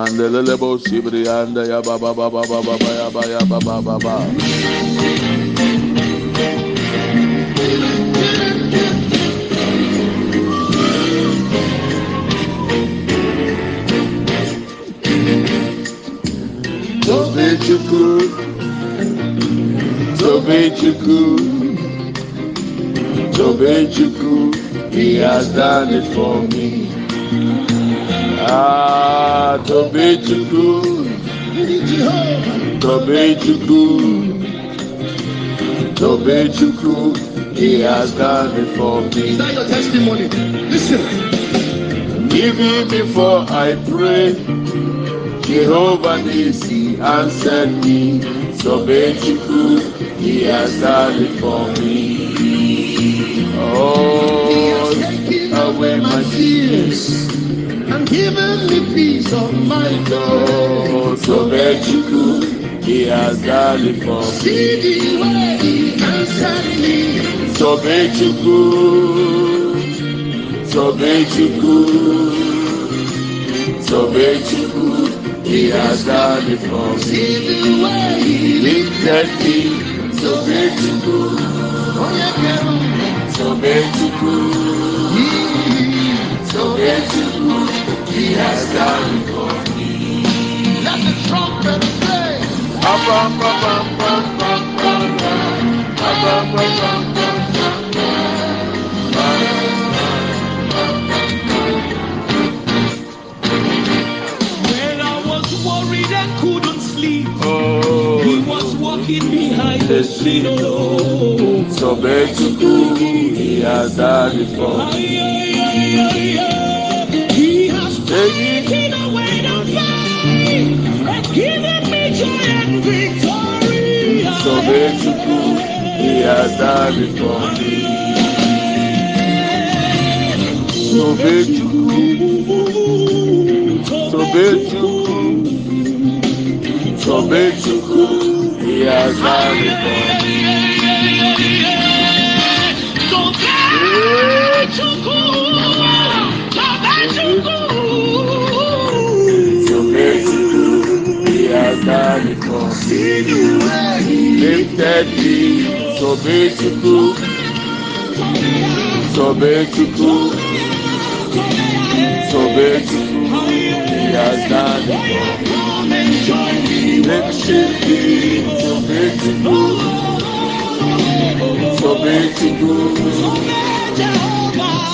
mandelele bo sibri anda ya ba ba ba ba ba ba ba ya ba ya ba ba ba ba Tobechukwu Tobechukwu Tobechukwu He has done it for me Ah, to be too good. To be too good. To be too good. He has done it for me. Is that your testimony? Listen. Even before I pray, Jehovah Nisi answered me. To be too good. He has done it for me. Oh, away my tears. and given me peace of mind, oh, so that you could. He has done que for me. See the way he answered me. So that you é could. Né? So that you could. So that you could. for me. See the way he lifted me. So that you could. Oh, yeah, yeah. So that you could. So that you could. He has done for me. Let the trumpet play. When I was worried and couldn't sleep, oh, he was walking behind the sheet. Oh, so baby, he has done it for me. Sobre México e as aves morrem. Sobre México, sobre México, sobre México e as aves morrem. Sobre me continuer Lifted me so beautiful So beautiful e as He has done it for me Lifted me so beautiful So beautiful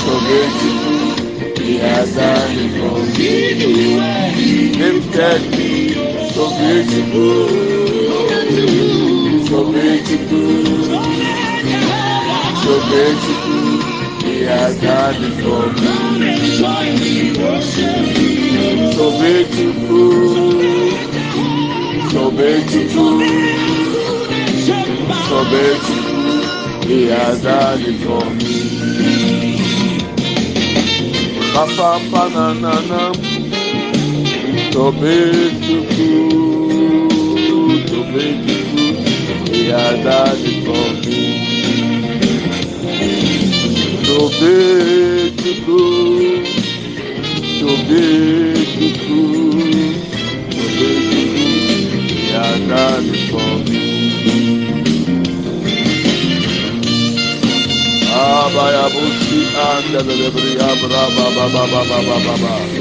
So beautiful He has done it for me Lifted me saber que tu, saber que tu, saber que tu me agrade como saber que tu, saber que tu, saber que tu me agrade na na tudo, tudo Tobetuku, tudo, iadade tudo, Tobetuku, tudo tobetuku, iadade kombi. Ah, abaia busi anda lebri abra ba ba ba ba ba ba ba.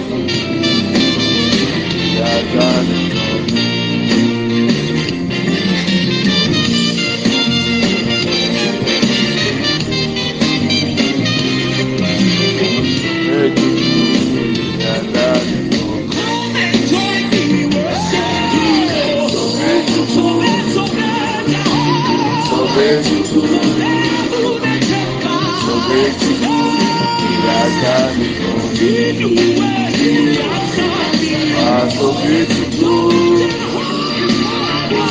He Sobre tudo, it for me. Ah, sou crítico,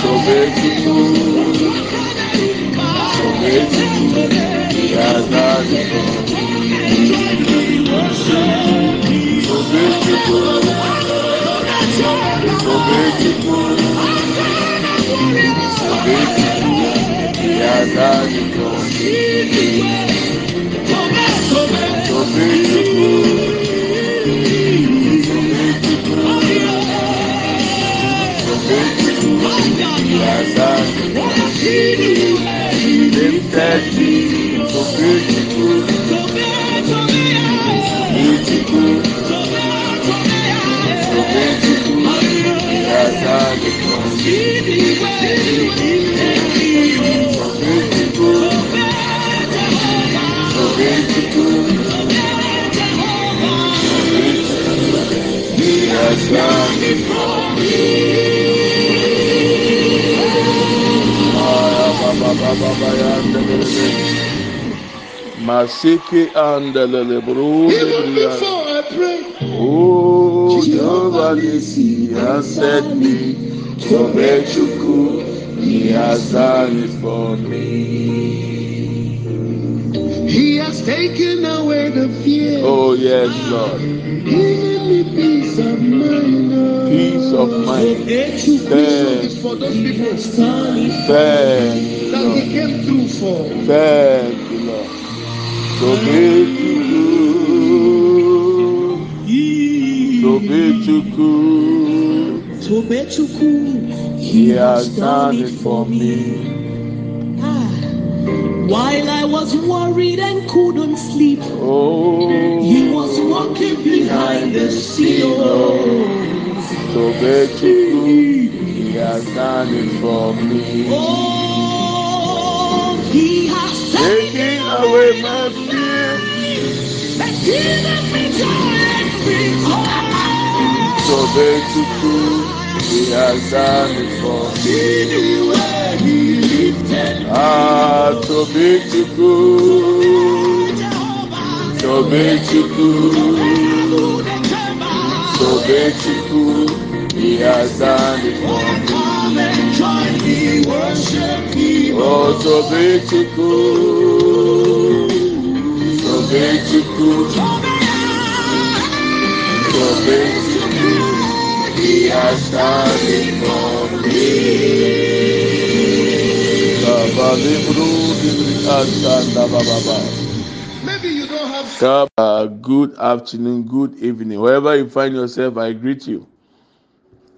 sou crítico, sou crítico, e as dadas Sou crítico, sou crítico, sou crítico, e as casa Verdade, sou crítico Crítico Sou crítico Engraçado, Sou crítico Sou crítico Sou crítico Engraçado, masikui andelelebrudeao jovanisiaseti coveĉucu iazanisponio yeslo peace of mind. Thank. of mind. That we came through for. Thank you, Lord. So be to you. So be to you. So be to you. He has done it for me. While I was worried and couldn't sleep, oh, he was walking behind the seals. So bet he has done it for me. Oh, he has taken away my fear. And given me joy and peace. So bet He has done it for me. Ah, so beautiful, so beautiful, so beautiful. He has done it for me. Oh, so beautiful, so beautiful, so beautiful. Maybe you don't have. Uh, good afternoon, good evening. Wherever you find yourself, I greet you.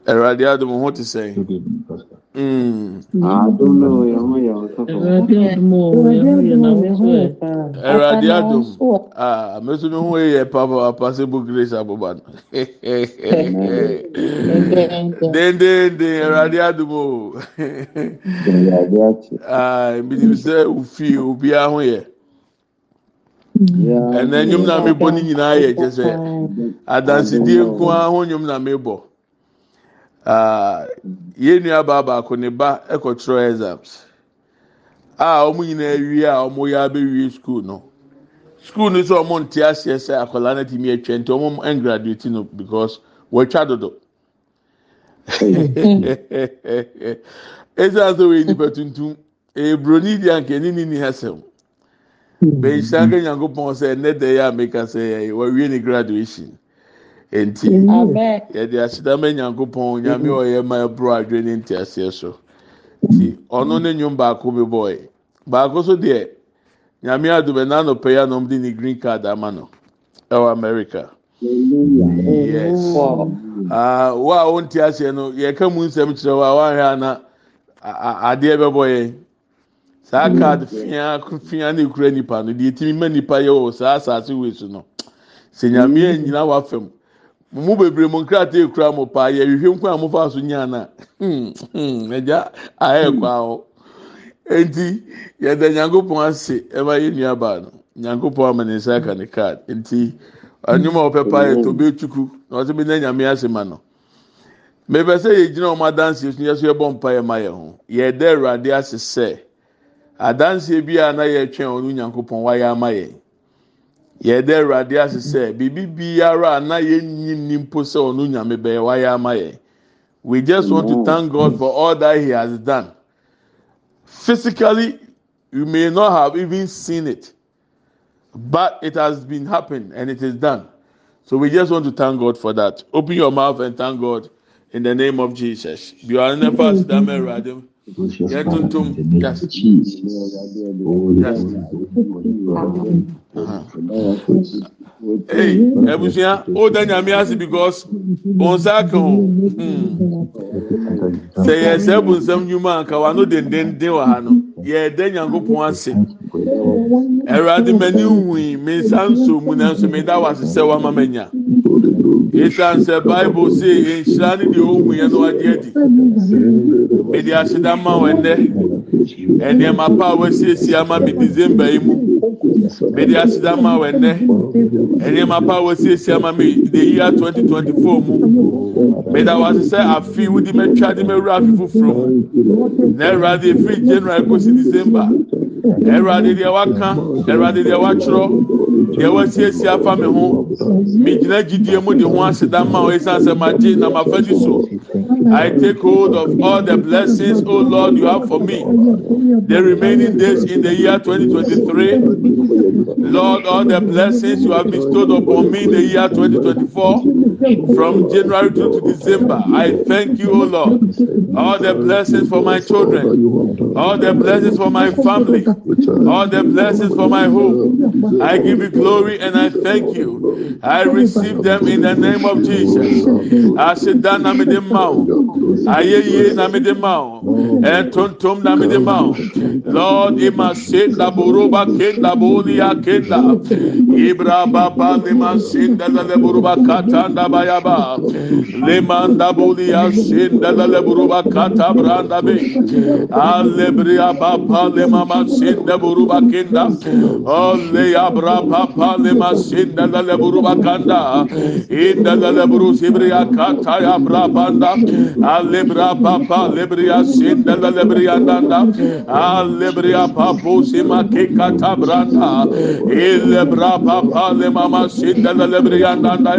Ẹ̀rọ̀dé Adumu, what to say? Ẹ̀rọ̀dé hmm. Adumu. Ah, mɛso no ho ɛyɛ papaapa sɛ bu grac aboba no denenden awurade adom o nbinim ah, sɛ ofie obiaa ho yɛ ɛnɛ nwomnamebɔ ne nyinaa yɛkyɛ sɛ adansedie nku a ho nwom namebɔ ah, yɛnnuabaabaako ne ba ɛkɔkyerɛ ixams a ɔmo nyinaa wie a ɔmo yɛa bɛwie skuul no school ni sɛ ɔmo nte aseɛ sɛ akwadaa no ti mi atwa nti ɔmo ngraduate no because wɔatwa dodo ɛsɛ hmm. asɛ wɔyɛ nipa tuntum ɛyɛ broni di anka ɛni ni ni asɛm hmm. bɛyisa ka nyanko pɔn sɛ ɛnɛ dɛ yɛ ameka sɛ ɛyɛ wɔwie ne graduation nti hmm. yɛde ahyedama nyanko pɔn nyame ɔyɛ ma ɛboro adwene ne nte aseɛ nti ɔno ne nwom baako bi bɔɔɛ baako so deɛ. nyame adume n'anọpụ ya na ọmụdị ni green card ama nọ ɛwɔ america yes aa ah, wo a wonte aseɛ no yɛka mu nsɛm kyerɛ wo a woahwɛ ana adeɛ bɛbɔ yɛn saa mm. card fia fia na ekura nipa no deɛ etimi ma nipa yɛ wɔ saa asase wei so no sɛ nyame mm. anyina wafam mo bebree mo nkrataa ekura mo paa yɛ hwehwɛ nkwa a mo fa so nyaa na ɛgya hmm, hmm, ayɛ kwa o. nti yɛda nyankopɔn ase ɛma yɛ nuabaa no nyankopɔn ama ne nsa aka ne card nti anwuma a ɔpɛ pa yɛ tobe tuku na ɔsɛ bi na nyame ase ma no mepɛ sɛ yɛgyina ɔmo adanseɛ so yɛso yɛbɔ mpa yɛ ma yɛ ho yɛda awurade ase sɛ adanseɛ bi a na yɛtwɛn ɔno nyankopɔn wayɛ ama yɛ yɛda awurade ase sɛ biribi biara a na yɛnyi ni mpo sɛ ɔno nyame bɛyɛ wayɛ ama yɛ we just want to thank God for all that he has done. Physically, you may not have even seen it, but it has been happened and it is done. So we just want to thank God for that. Open your mouth and thank God in the name of Jesus. You are never Adam. Yes. Hey, ebusua, o da nyame ase because onsa aka ho. Sɛ yɛ sɛ bu nsɛm nnwuma anka wa no dendenden wɔ ha no yɛda nyankopɔn ase awurade m'ani wui me nsa nso mu nanso meda wo ase sɛ woama manya ɛsiane sɛ bible se nhyira ne deɛ ɔwuiɛ no adi adi mede ahyeda ma wo ɛnnɛ ɛnneɛma pa wɔasiesie ama me december yi mu mede ahyeda ma wo ɛnnɛ ɛnneɛma pa a wɔasiesie ama me twenty year 2024 mu meda wo ase sɛ afe wode mɛtwa de mɛwura afe foforɔ mu na awurade ɛfiri january kɔsi si december awurade deɛ waka awurade deɛ watwerɛ deɛ wasiesie afa me ho megyina gyidie mu de ho aseda ma o sɛ ma gye na ma fa di so i take hold of all the blessings o oh lord you have for me the remaining days in the year 2023, lord all the blessings you have bestowed upon me in the year 2024. from January to December. I thank you, O Lord. All the blessings for my children, all the blessings for my family, all the blessings for my home. I give you glory and I thank you. I receive them in the name of Jesus. Lord, ibra baba Yaba Lemanda Bulia Shinda Leburuba Kata Branda Be Alebria Papa Lemama Shinda Buruba Kinda Ole Abra Papa Lema Shinda Leburuba Kanda Inda Leburu Sibria Kata Abra Banda Alebra Papa Lebria Shinda Lebria Nanda Alebria Papu Sima Kikata Branda Ilebra Papa Lemama Shinda Lebria Nanda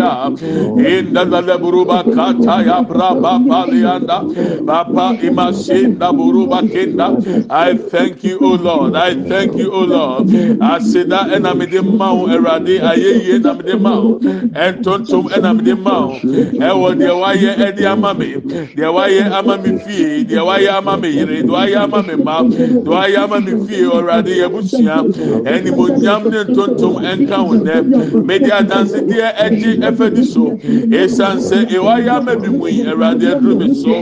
inda lele buruba kata ya braba palianda baba imasinda buruba kinda I thank you O Lord I thank you O Lord aseda ɛna mi de ayeye ɛna mi de ma wo ɛntontom de ma wo ɛwɔ deɛ wayɛ ɛde ama mi deɛ wayɛ ama mi fie deɛ ma deɛ wayɛ ama mi fie ɔwurade yɛ busua ɛnimonyam ne ntontom ɛnka ho media dansi deɛ ɛgye ɛfɛ so. ɛsiane sɛ ɛwɔ ayɛ ama bi mu yi awurade aduru mi so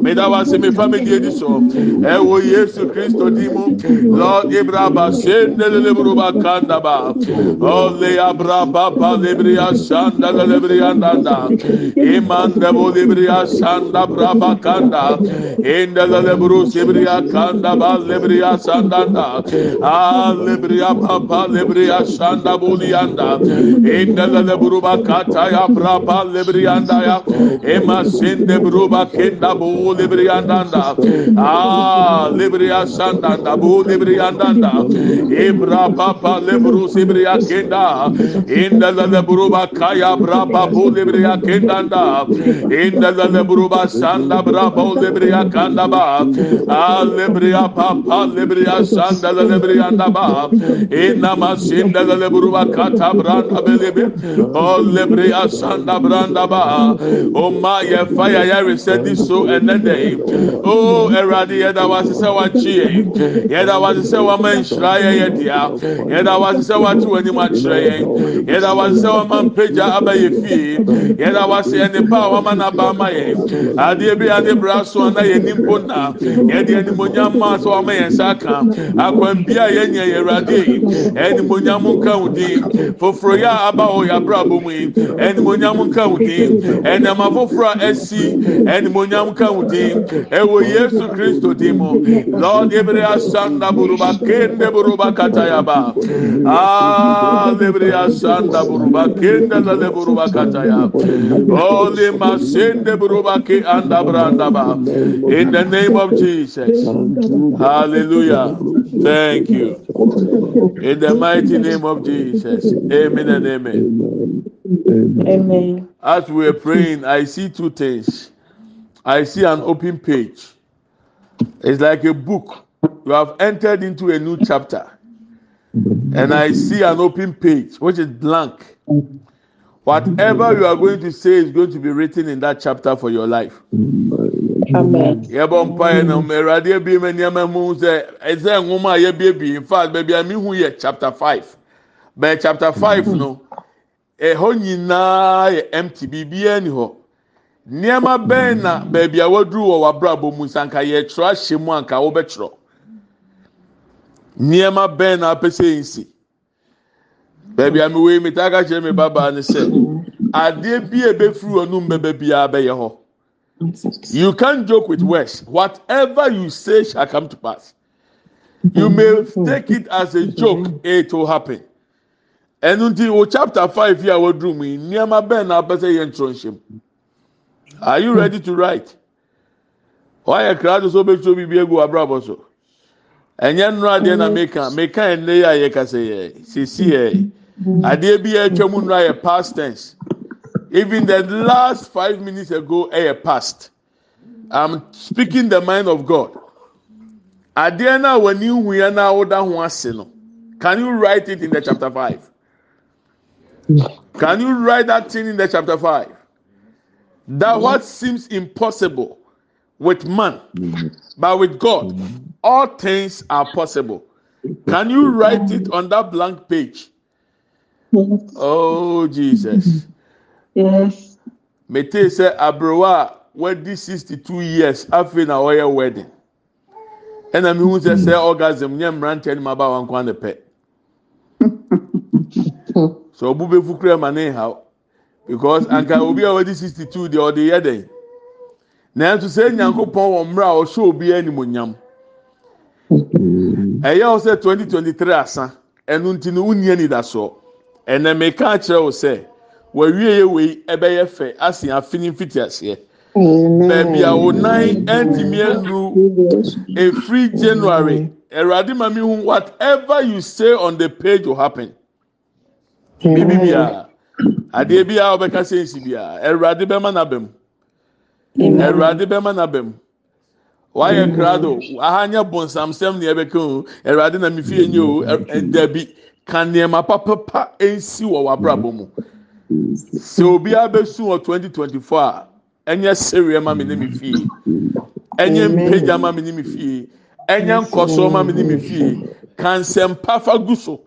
meda wase mefa me die di so ɛwɔ e yesu kristo di mu lord ibraba sendele buruba kandaba ɔle abraba ba lebri asanda lebri andanda imanda bo lebri asanda braba kanda indele buru sebri akanda ba lebri asandanda a lebri ababa lebri asanda bolianda indele buruba kata ya braba palle brianda ya ema sende bruba kenda bu librianda da ah libria sanda da bu librianda da ibra papa lebru sibria kenda inda la lebruba kaya braba bu libria kenda da inda la lebruba sanda braba bu libria kanda ba ah libria papa libria sanda la librianda ba inna masinde la lebruba kata da belibi Oh, libria sanda brandaba o ma yɛ fa yɛ yɛ so ɛnɛ dɛ o ɛwurade yɛ da wa sisɛ wa kyi yɛ yɛ da wa sisɛ wa ma nhyira yɛ yɛ dia yɛ da wa sisɛ wa ti wɔ anim akyerɛ yɛ yɛ da wa sisɛ wa ma mpagya aba yɛ fie yɛ na yɛ de animonyam ma so maso yɛn nsa ka akwanbi a yɛ nyɛ yɛ ɛwurade yi ɛnimonyam nka ho din foforɔ yɛ a aba hɔ yɛ anuonyam ka wo din ɛnam afoforɔ a ɛsi ɛnumonyam ka wo din ɛwɔ yesu kristo din mu lord ebere asanda buruba kende buruba katayaba aa ah, ebere asanda buruba kende lale buruba kataya holy masende buruba ke anda brandaba in the name of jesus hallelujah thank you. In the mighty name of Jesus. Amen and amen. Amen. As we are praying, I see two things. I see an open page. It's like a book. You have entered into a new chapter. And I see an open page, which is blank. Whatever you are going to say is going to be written in that chapter for your life. amen. mpa mpaeɛ na awurade abie me nneɛma mu sɛ ɛsɛ nwoma a yɛbiebie in fact baabi a mehu yɛ chapter five bɛɛ chapter five mm-hmm. no ɛhɔ nyinaa yɛ empty biribiara ni hɔ nneema bɛn na mm-hmm. baabi a waduru wɔ w'abrabɔ mu sanka yɛtwerɛ ahyɛ mu anka wobɛtwerɛ nneema bɛn na apɛ sɛ nsi baabi a mewɔ yi metaa ka kyerɛ me babaa ne sɛ mm-hmm. adeɛ bi a ebɛfiri wɔn num bɛbɛ biara bɛyɛ hɔ. you kan joke with ws whatver you sa shall come to pass you me tak it as a jok t hapen ntiochapte 5 yiwɔdrmunnɔmabɛnpɛsɛyɛ rny aeyou ready to ri yɛ krade sɛbɛt bii agrbɔso nyɛ nrdɛ nakaɛɛdeɛbiwm nryɛ pasens Even the last five minutes ago, air eh, eh, passed. I'm speaking the mind of God. Adeɛ when you huya na awoda ho ase no. Can you write it in the chapter five? Can you write that thing in the chapter five? That what seems impossible with man, but with God, all things are possible. Can you write it on that blank page? Oh Jesus. mete metee sɛ aberewa a wadi sixty two years afei na ɔyɛ wedding ɛna mihu sɛ sɛ orgasm nye mmeranteɛ no ma ba wɔn kwan ne pɛ so ɔbu bɛfu kura ma ne ha because anka obi a wadi sixty two deɛ ɔde yɛ dɛ nanso sɛ nyanko pɔn wɔn mmerɛ a ɔhyɛ obi animonyam mm-hmm. ɛyɛ ɔsɛ twenty twenty three asa ɛnu ntini wunyɛ nidasoɔ ɛnna mɛka akyerɛ wo wɔawie yɛ wei ɛbɛyɛ fɛ ase afini mfiti aseɛ baabi a onan ɛntumi ɛnuru efiri january ɛwurade maame hu whatever you say on the page will happen bibi bia adeɛ bi a ɔbɛka sɛ nsi bia ɛwurade bɛma n'abɛm ɛwurade bɛma n'abɛm wayɛ krado ahanyɛ bɔnsamsɛm ni ɛbɛka o ɛwurade na mi fie nye o ɛdabi ka nneɛma papapa ɛnsi wɔ w'abrabɔ mu. Mm -hmm. sɛ obiara bɛsu wɔ 2024 a ɛnyɛ sereɛ ma me ne me fie ɛnyɛ mpagya ma me ne me fie ɛnyɛ nkɔsoɔ ma me ne me fie kansɛmpa gu so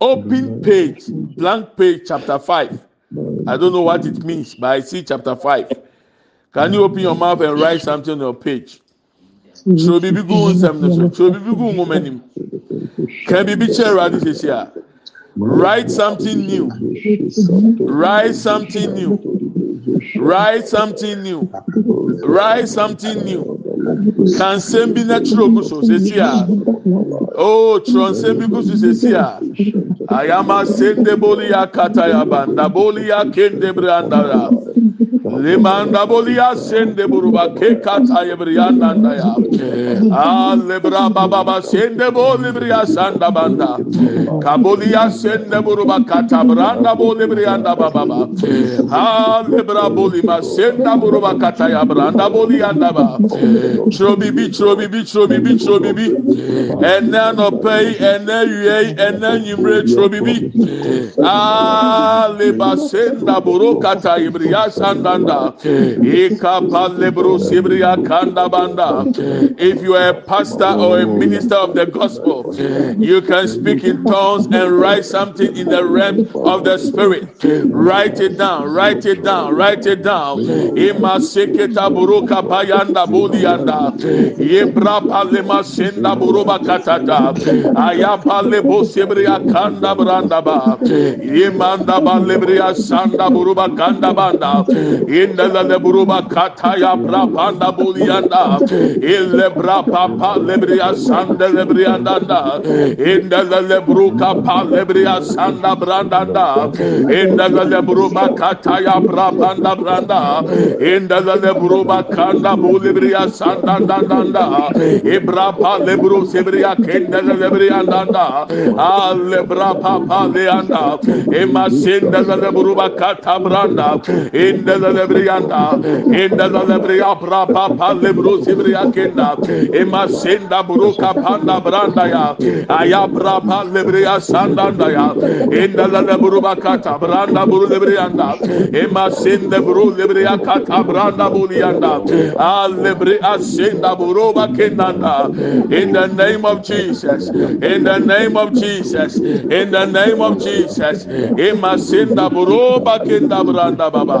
open page blank page chapter 5 i don't know what it means but i see chapter 5 can you open your mouth and write something on your page twerɛ biribi gu nsɛm no so twerɛ biribi gu nwoma anim ka biribi kyerɛ awurade sisi a rit somting ne i somtig n i somtig n i somtig ne kansembi na churo kusu ses o crↄ nsembi kusu sesia ayama sende boli ya katayaba ndaboli ya ke nde bra ndaa Limanda bolia sende buruba ke kata yebriyanda da ya. Ale braba baba sende boli briya sanda banda. Kabolia sende buruba kata branda boli briyanda baba baba. Ale brabo lima senda buruba kata ya branda boli ba. Trobi bi trobi bi trobi bi trobi bi. Ene no pay ene yey ene nyimre trobi bi. Ale basenda buru kata yebriyanda sanda banda. If you are a pastor or a minister of the gospel, you can speak in tongues and write something in the realm of the spirit. Write it down, write it down, write it down. buruka budianda. Ibra buruba katata. Imanda sanda buruba kanda banda. indala leburuba kataya brapanda bulianda ille brapapa lebria sanda lebrianda da indala lebruka pa lebria sanda branda da indala leburuba kataya brapanda branda indala leburuba kanda bulibria sanda da da da ibrapa lebru sebria kendala lebrianda da alle brapapa leanda emasinda leburuba katabranda indala brianda enda la bria pra pa pa le brusi bria kenda e ma senda bruka panda branda ya aya pra pa le bria sanda da ya enda la buruba kata branda buru le brianda e ma senda buru le bria kata branda bulianda a ah, le bria senda buruba kenda in the name of Jesus in the name of Jesus in the name of Jesus e ma senda buruba kenda branda baba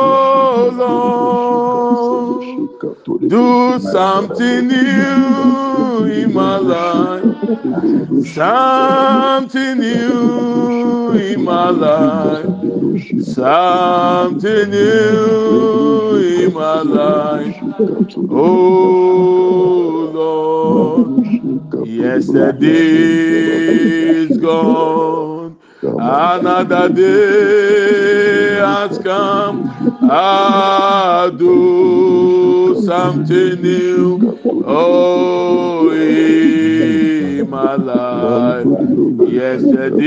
do something new in my life, something new in my life, something new in my life. Oh Lord, yesterday is gone, another day has come. I do something new. Oh, in my life. Yesterday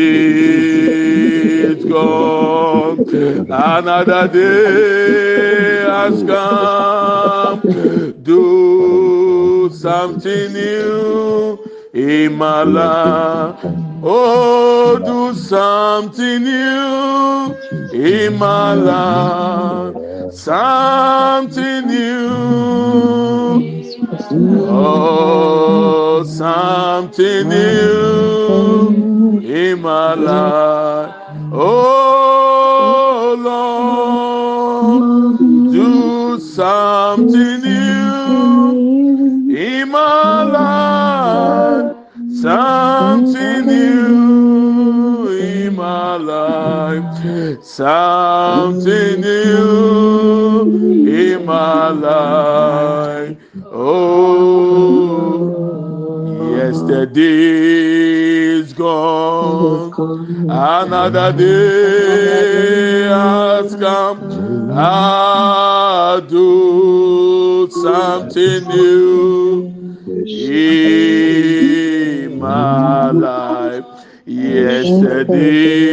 it's gone. Another day has come. Do something new in my life. Oh, do something new in my life, something new. Oh, something new in my life. Oh. something new in my life, something new in my life. Oh, yesterday is gone, another day has come. I do something new. Yeah my life. Yesterday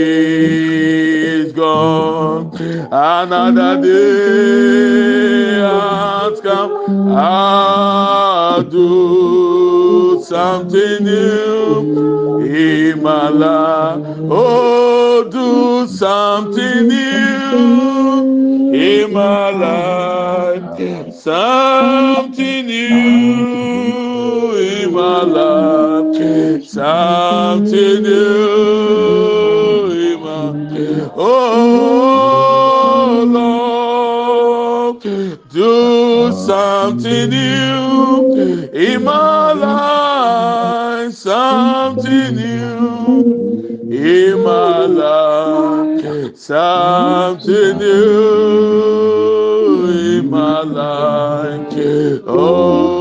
is gone, another day has come. I'll do something new in my life. Oh, do something new in my life, something new in my life something new. in my Oh Lord, do something new in my life, something new in my life, something new in my life. Oh.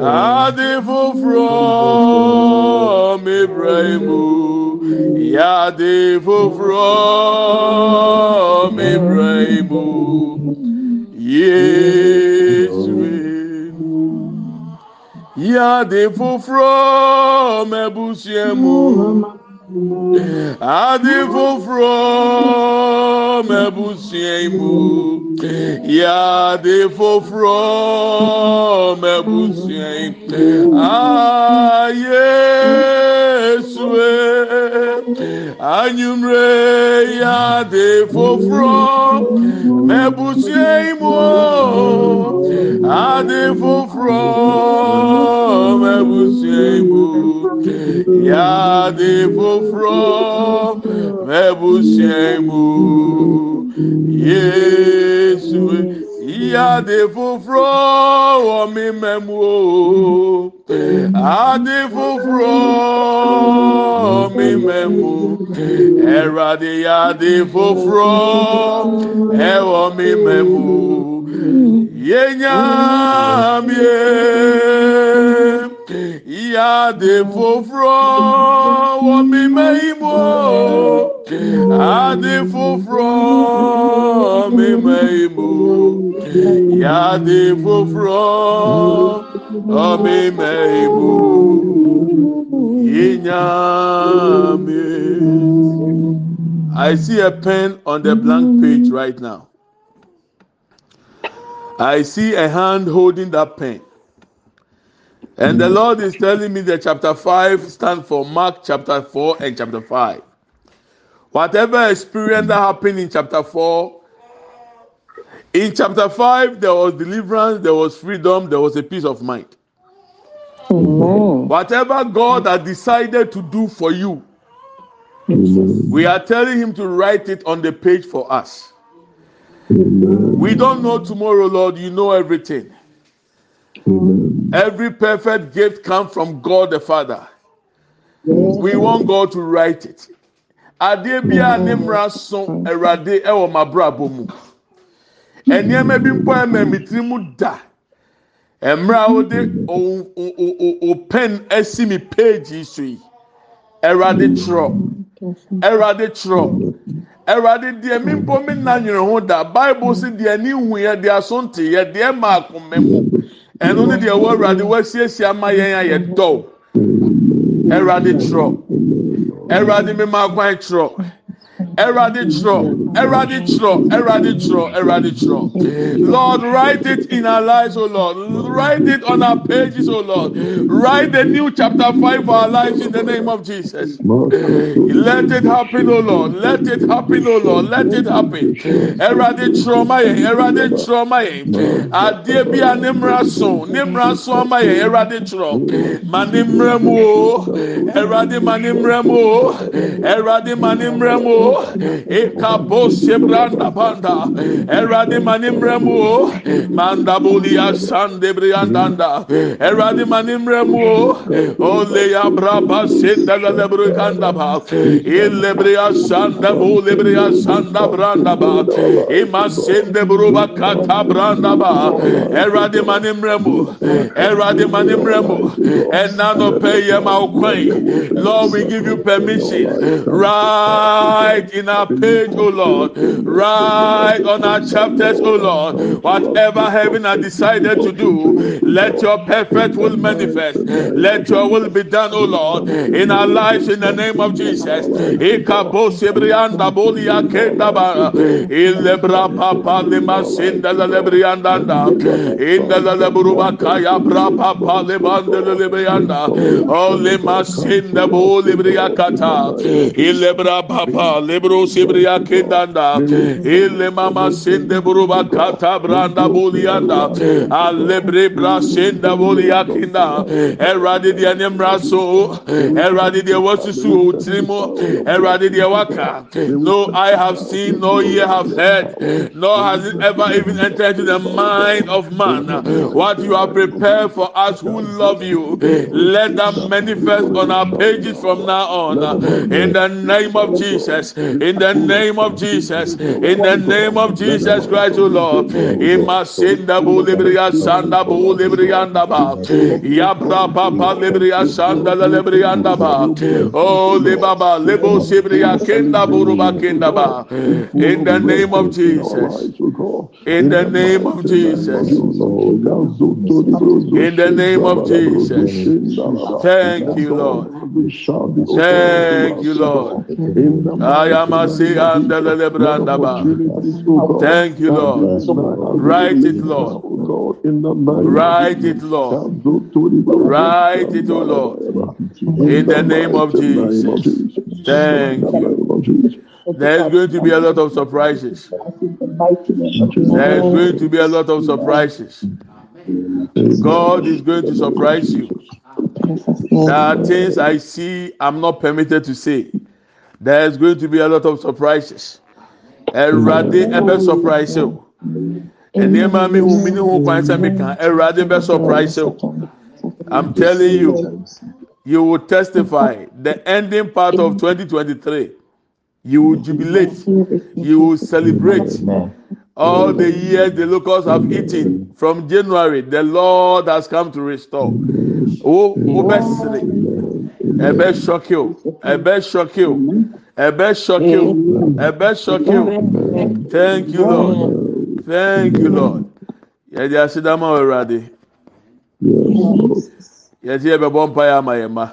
dfofr bmo d oebrmo ye yade fofro mebusiemo adeفoفرome بuس mο يadeفoفرome بuسi aيes anyimre ya de fofrɔ mebusiɛ mo ade fofrɔ mebusɛmo ya de fofrɔ mebusɛ mo yesu kí adéfófró ọmí mẹ́mú o adéfófró ọmí mẹ́mú ẹ̀rọ adé adéfófró ẹ̀wọ̀ e mẹ́mú yéèyàn mi ya de fofro wo mi meimo a de fofro mi meimo ya de fofro o mi meimo inyame I see a pen on the blank page right now. I see a hand holding that pen. And the mm. Lord is telling me that chapter 5 stands for Mark chapter 4 and chapter 5. Whatever experience that happened in chapter 4, in chapter 5, there was deliverance, there was freedom, there was a peace of mind. Whatever God has decided to do for you, we are telling Him to write it on the page for us. We don't know tomorrow, Lord. You know everything. Every perfect gift comes from God the Father. We want God to write it. Adeɛ bi a ne mmara so Awurade wɔ m'abrabɔ mu. Nneɛma bi mpo a ɛma me tiri mu da. Mmara a wɔde open asi mi page so yi. Awurade twerɛ. Awurade twerɛ. Awurade deɛ mi mpo mi na nwere ho da. Bible si deɛ ni hu yɛ deɛ aso nte yɛ deɛ ma akoma ɛno ne deɛ ɛwɔ awurade wasiesie ama yɛn a yɛdɔw awurade twerɛ awurade mema kwan twerɛ. Eradi Tro, Eradi Tro, Eradi Tro, Eradi Tro. Lord, write it in our lives, O oh Lord. Write it on our pages, O oh Lord. Write the new chapter 5 for our lives in the name of Jesus. Let it happen, O oh Lord. Let it happen, O Lord. Let it happen. Eradi Tro, my Eradi Tro, my Adebia Nimraso, Nimraso, my Eradi Tro, Manimremo, Eradi Manimremo, Eradi Manimremo ekabo sebranda banda eradi manimremu manda mandabuli asan debriandanda eradi manimremu o ole ya braba sendala lebrikanda ba elebri asan sanda bu lebri sanda da branda ba kata branda ba manimremu eradi manimremu and now no pay Lord, we give you permission right in our page, O oh Lord, write on our chapters, O oh Lord. Whatever heaven has decided to do, let your perfect will manifest. Let your will be done, O oh Lord, in our lives in the name of Jesus. Oh, ilebra papa kendanda kata branda bulianda alebre wasusu waka no i have seen no ye have heard nor has it ever even entered into the mind of man what you have prepared for us who love you let that manifest on our pages from now on in the name of jesus in the name of Jesus, in the name of Jesus Christ, O Lord. in my sin, Imasinda bulibriya sanda bulibriyanda ba. Yabra papa libriya sanda libriyanda ba. Oh libaba libo sibriya kenda buruba kenda ba. In the name of Jesus. In the name of Jesus. In the name of Jesus. Thank you, Lord. Thank you, Lord. I Thank you, Lord. Write it, Lord. Write it, Lord. Write it, O Lord. In the name of Jesus. Thank you. There's going to be a lot of surprises. There's going to be a lot of surprises. God is going to surprise you. There are things I see I'm not permitted to say. there is going to be a lot of surprises ẹwurade ẹbẹ surprise o ẹnìyẹnma mi hu mi ni hu kwan sẹ mi kan ẹwurade bẹ surprise o i'm telling you you will testify the ending part of 2023 you will jubilate you will celebrate all the years the locals have eaten from january the lord has come to restore Oh, oh, bẹ sire. ẹbẹ ṣọkì o ẹbẹ ṣọkì o ẹbẹ ṣọkì o ẹbẹ shock you. thank you lord thank you lord yẹdi asidama ọwurade yẹdi ẹbẹ bọ mpa yẹ ama yẹ ma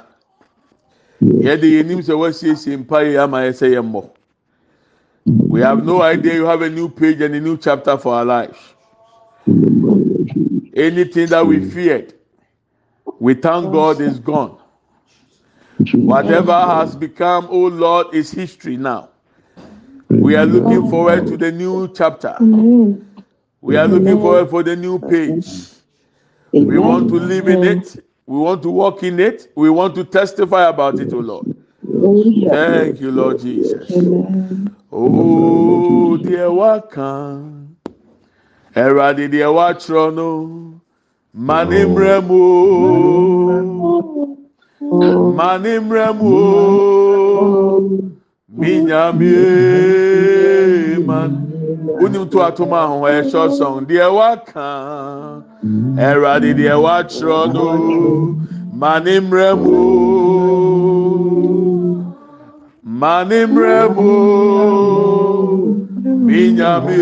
yẹdi yẹ nim sẹ wasiesie mpa yẹ ama yẹ sẹ yẹ mbọ we have no idea you have a new page and a new chapter for our life anything that we feared we thank God is gone. Whatever has become, oh Lord, is history now. We are looking forward to the new chapter. We are looking forward for the new page. We want to live in it. We want to walk in it. We want to testify about it, oh Lord. Thank you, Lord Jesus. Oh, dear, what Eradi, dear, what Mani Mani Mremu, mmerɛ mu o mi nyame ma wonim to atom ahoɔ ɛhyɛ e sɔn deɛ waka ɛwurade deɛ wakyerɛ no ma ne mmerɛ mu ma ne mmerɛ mu mi nyame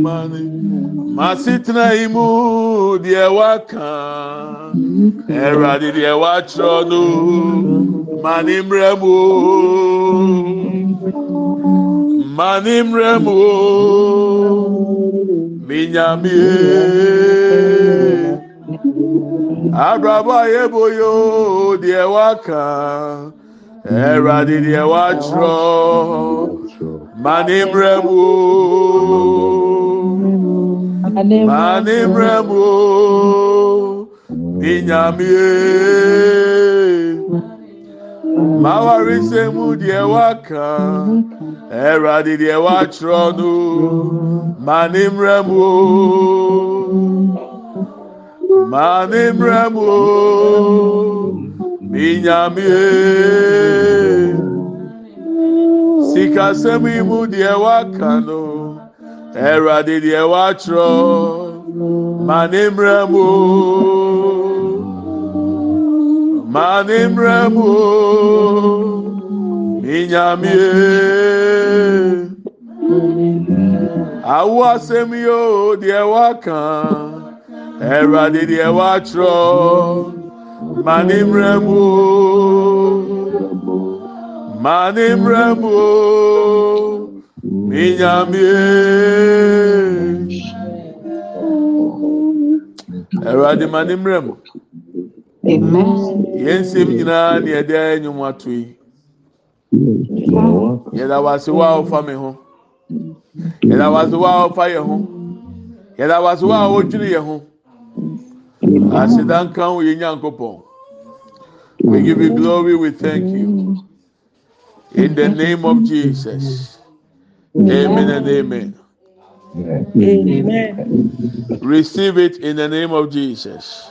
ma ne ma sitena yi Ẹ̀rọ deɛ w'akyerɛ no ma ne mmerɛ mu ma ne mmerɛ mu menyamie abrabɔ a yɛboyo deɛ w'aka ɛrɔ deɛ w'akyerɛ ma ne mmerɛ mu. Anemremo. nyame mawaresɛ mu deɛ waka ɛwurade deɛ wakyerɛ no ma ne mmerɛ mu o ma ne mmerɛ mu o ne nyame sikasɛm yi mu deɛ waka no ɛwurade deɛ wakyerɛ ma ne mu o mani mremu minyamie awo asem yoo deɛ waka ɛwurade deɛ wakyerɛ mani mremu mani mremu minyamie ɛwurade mani mremu. yɛnsim nyiraa neɛdea yɛ nwomatoe yɛda wse wo wɔfame h yɛda wse o wɔfa yɛ h yɛda wase wo wɔdweneyɛ ho asedanka wo yinyankopɔ we giveo glory wi thank you in the name of jesus amen and amen receive it in the name of jesus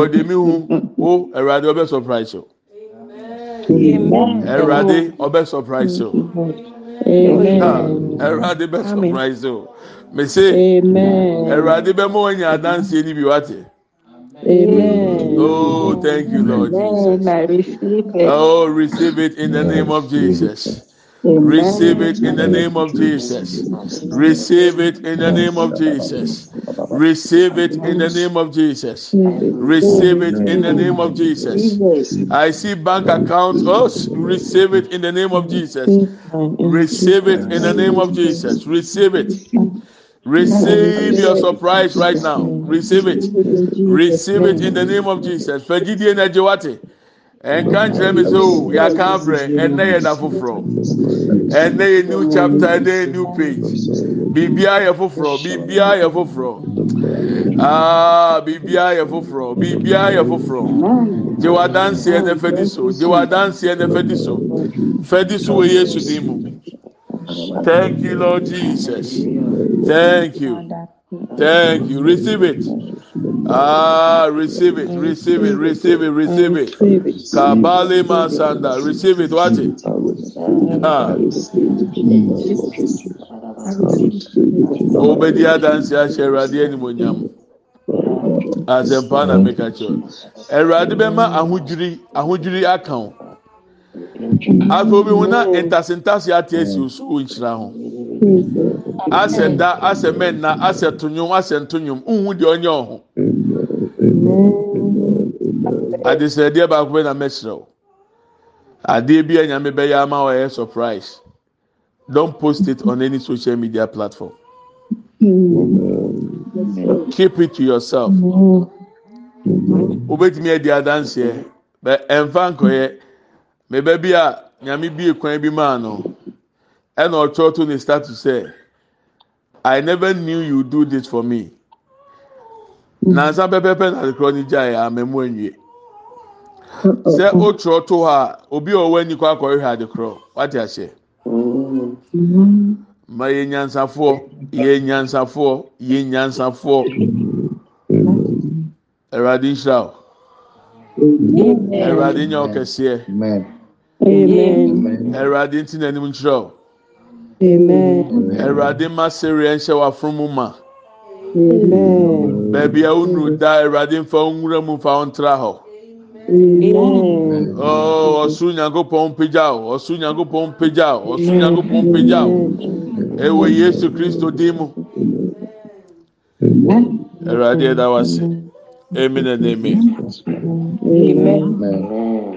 ọdẹmi hu ó ẹwurade ọbẹ sọpráìsì o ẹwurade ọbẹ sọpráìsì o ẹwurade bẹ sọpráìsì o mèsè ẹwurade bẹ mọ wọn yẹn adansi ẹni bi wá tẹ. Amen. Oh, thank you, Lord Jesus. Amen. I Oh, receive it in the name of Jesus. Receive it in the name of Jesus. Receive it in the name of Jesus. Receive it in the name of Jesus. Oh, receive it in the name of Jesus. I see bank accounts. Oh, receive it in the name of Jesus. Receive it in the name of Jesus. Receive it. Receive your surprise right now. Receive it. Receive it in the name of Jesus. Fagidi Najewati. ɛnka eh, nkyerɛ mi sɛ o yaka abrɛ ɛnɛ yɛ da foforɔ ɛnɛ yɛ new chapter ɛnɛ yɛ new page biribiara yɛ foforɔ biribiara yɛ foforɔ aa ah, biribiara yɛ foforɔ biribiara yɛ foforɔ gyewa danseɛ na fɛ di so gyewa danseɛ na fɛ di so fɛ di so wɔ yesu din mu thank you lord jesus thank you thank you receive it. Ah, receive it, receive it, receive it, receive it. Kabali Masanda, receive it, watch it. Ah. Obedia dance ya sherade ni monyam. Asempa na make a choice. Erade be ahodwiri, ahodwiri account afei obi mu na ntasentase ate esi osu nhyira ho asɛ da asɛ mɛnna asɛ to nnwom asɛ nto nnwom nhu deɛ ɔnyɛ ɔho adesinadeɛ baako bɛ na mɛsirɛw adeɛ bi a nyame bɛyɛ ama ɔyɛ surprise don post it on any social media platform keep it to yourself wobɛtumi adi adanseɛ bɛ ɛnfa nkɔyɛ meba bi a ah, nyame bie kwan bi maa no ɛna ɔtwerɛ to ne status sɛ i never knew you do this for me nansa pɛpɛpɛ na adekorɔ ne gya yɛ amamu anwie sɛ otwerɛ to hɔ a obi a ɔwɔ ani kɔ akɔrehwɛ adekorɔ wate ahyɛ mm-hmm. ma yɛ nyansafoɔ yɛ nyansafoɔ yɛ nyansafoɔ ɛwurade mm-hmm. nhyira o ɛwurade nyɛ ɔkɛseɛ. Ẹ̀rọ̀adé ntí na ẹnim nkyerẹ́ o. Ẹ̀rọ̀adé má sẹ́rìẹ̀ ẹ̀ ń hyẹ́ wà fún mu mà. Bẹ̀ẹ̀bi ẹ̀ ń nù dá ẹ̀rọ̀adé nfa nwura mu nfa ọ̀ntra họ. Ọ̀sùn nyankopɔn mpagya o, ọ̀sùn nyankopɔn mpagya o, ọ̀sùn nyankopɔn mpagya o. Ẹ̀wọ̀ Yesu Kristo dín mu. Ẹ̀rọ̀adé ẹ̀dá wá sí. Amen and amen. amen. amen.